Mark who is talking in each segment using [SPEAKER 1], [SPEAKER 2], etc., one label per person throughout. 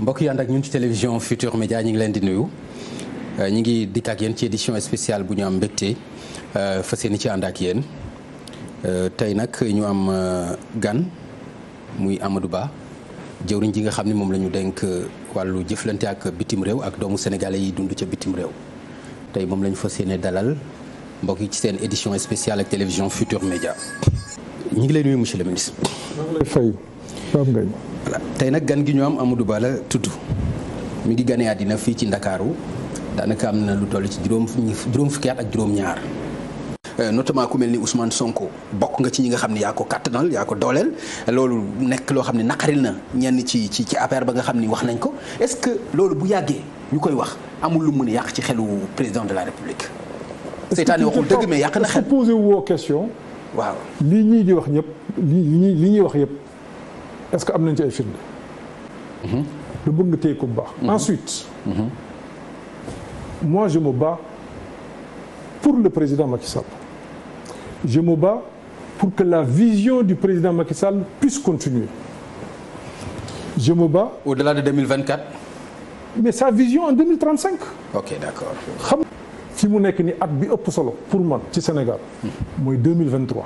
[SPEAKER 1] mbokk yi ànd ak ñun ci télévision Futur Média ñu ngi leen di nuyu euh, ñu ngi dikk ak yéen ci édition spéciale bu ñu am mbégte euh, fas yéene ci ànd ak yéen euh, tey nag ñu am gan muy Amadou Ba jëwriñ ji nga xam ne moom la ñu dénk wàllu jëflante ak bitim réew ak doomu sénégalais yi dund ca bitim réew tey moom lañu ñu dalal mbokk yi ci seen édition spéciale ak télévision Futur Média ñu ngi lay nuyu monsieur le ministre.
[SPEAKER 2] ngi lay fay. Pape Ngagne
[SPEAKER 1] tey nag gan gi ñu am Amadou Ba la tudd mu ngi ganee àddina fii ci Ndakaaru daanaka am na lu toll ci juróom juróom fukki at ak juróom-ñaar. Euh, notamment ku mel ni Ousmane Sonko bokk nga ci ñi nga xam ne yaa ko kattanal yaa ko dooleel loolu nekk loo xam ne naqaril na ñenn ci ci ci affaire ba nga xam ni wax nañ ko est-ce que loolu bu yàggee ñu koy wax amul lu mun a yàq ci xelu président de la République. seytaane waxul dëgg mais yàq na xel
[SPEAKER 2] est question. waaw lii ñuy di wax ñëpp lii ñuy ñuy wax yëpp. est-ce que est nañ le ay de mhm. Le mhm. ensuite. Mhm. moi je me bats pour le président Macky Sall. je me bats pour que la vision du président Macky Sall puisse continuer. je me bats.
[SPEAKER 1] au-delà de 2024.
[SPEAKER 2] mais sa vision en 2035. ok d'accord. Si vous mu le ni at pour moi, ci Sénégal. Moi, 2023.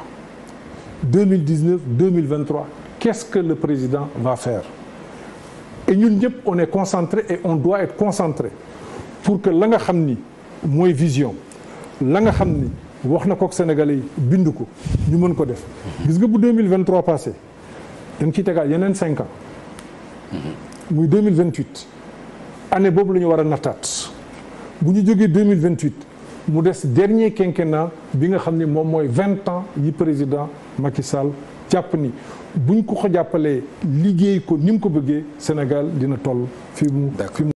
[SPEAKER 2] 2019 2023 qu'est-ce que le président va faire et nous, nous on est concentré et on doit être concentré pour que la nga moi vision la nga xam ni wax sénégalais binduko, ñu mën ko def gis nga bu 2023 passé dañ il y a 5 ans muy 2028 année boobu la ñu war a nattaat bu ñu 2028 mu dernier quinquennat bi nga moi moi 20 ans yi président Macky Sall jàpp ni buñ ko ko jàppalee liggéey ko ni mu ko bëggee Sénégal dina toll fi mu fi mu